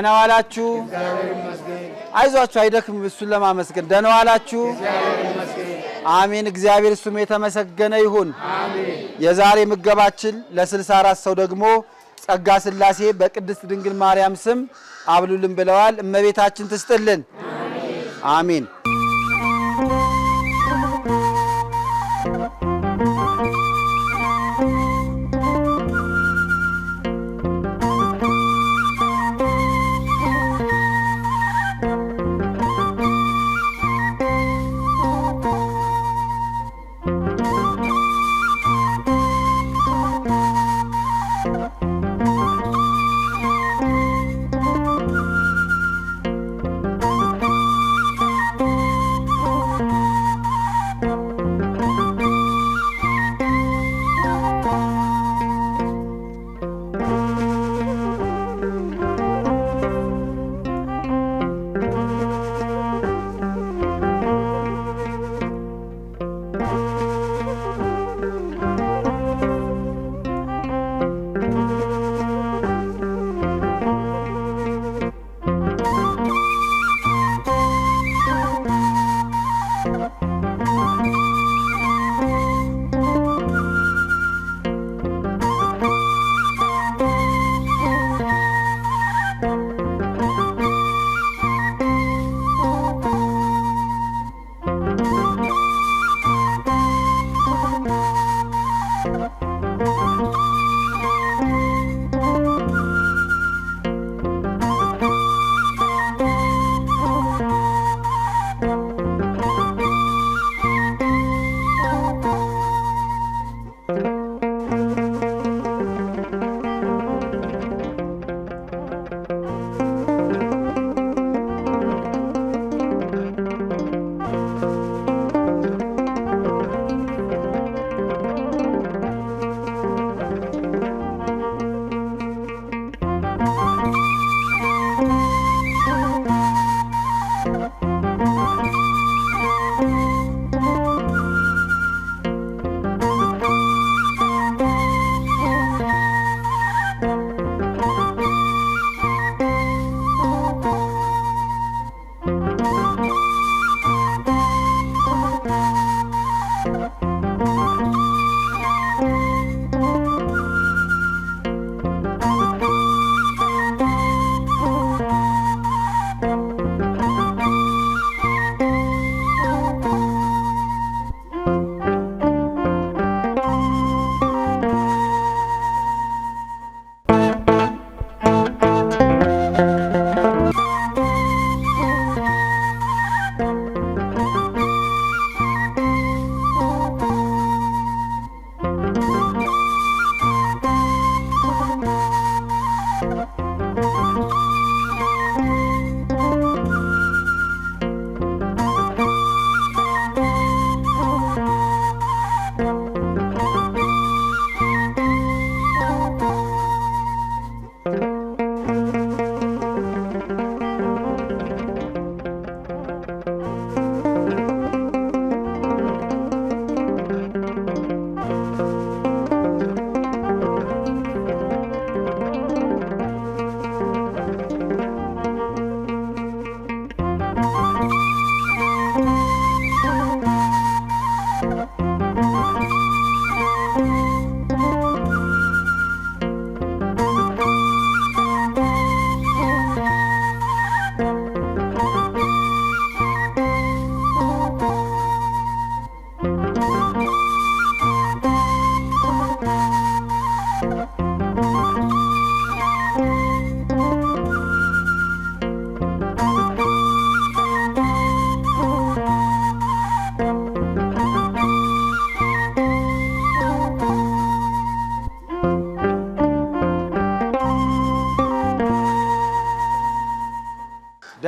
ደህና ዋላችሁ። አይዟችሁ፣ አይደክም እሱን ለማመስገን። ደህና ዋላችሁ። አሜን። እግዚአብሔር ስሙ የተመሰገነ ይሁን። የዛሬ ምገባችን ለስልሳ አራት ሰው ደግሞ ጸጋ ስላሴ በቅድስት ድንግል ማርያም ስም አብሉልን ብለዋል። እመቤታችን ትስጥልን። አሜን። አሜን።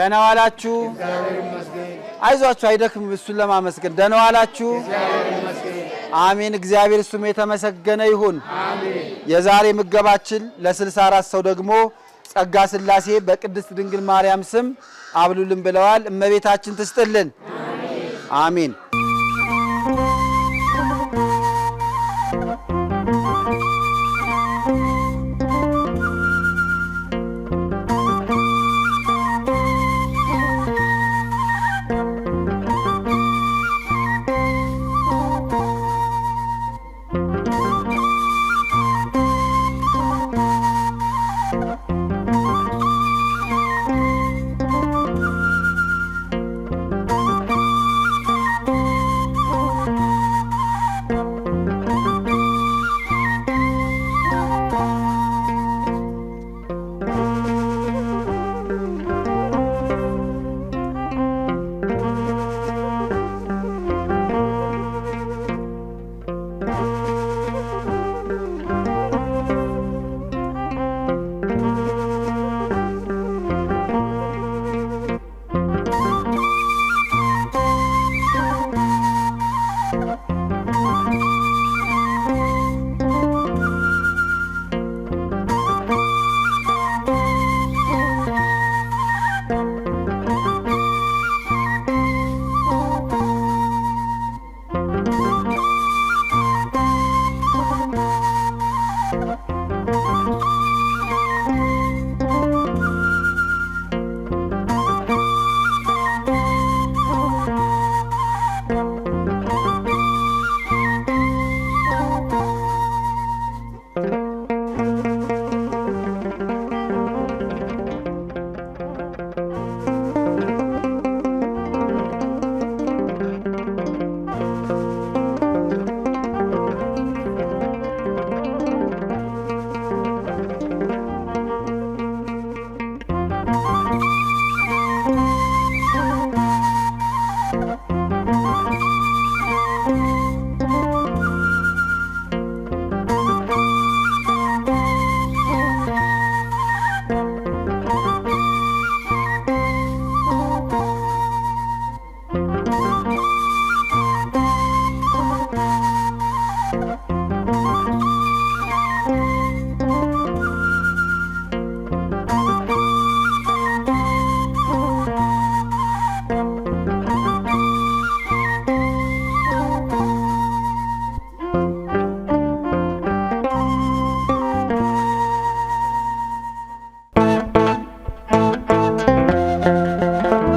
ደህና ዋላችሁ። አይዟችሁ፣ አይደክም እሱን ለማመስገን። ደህና ዋላችሁ። አሜን። እግዚአብሔር እሱም የተመሰገነ ይሁን። የዛሬ ምገባችን ለስልሳ አራት ሰው ደግሞ ጸጋ ስላሴ በቅድስት ድንግል ማርያም ስም አብሉልን ብለዋል። እመቤታችን ትስጥልን። አሜን።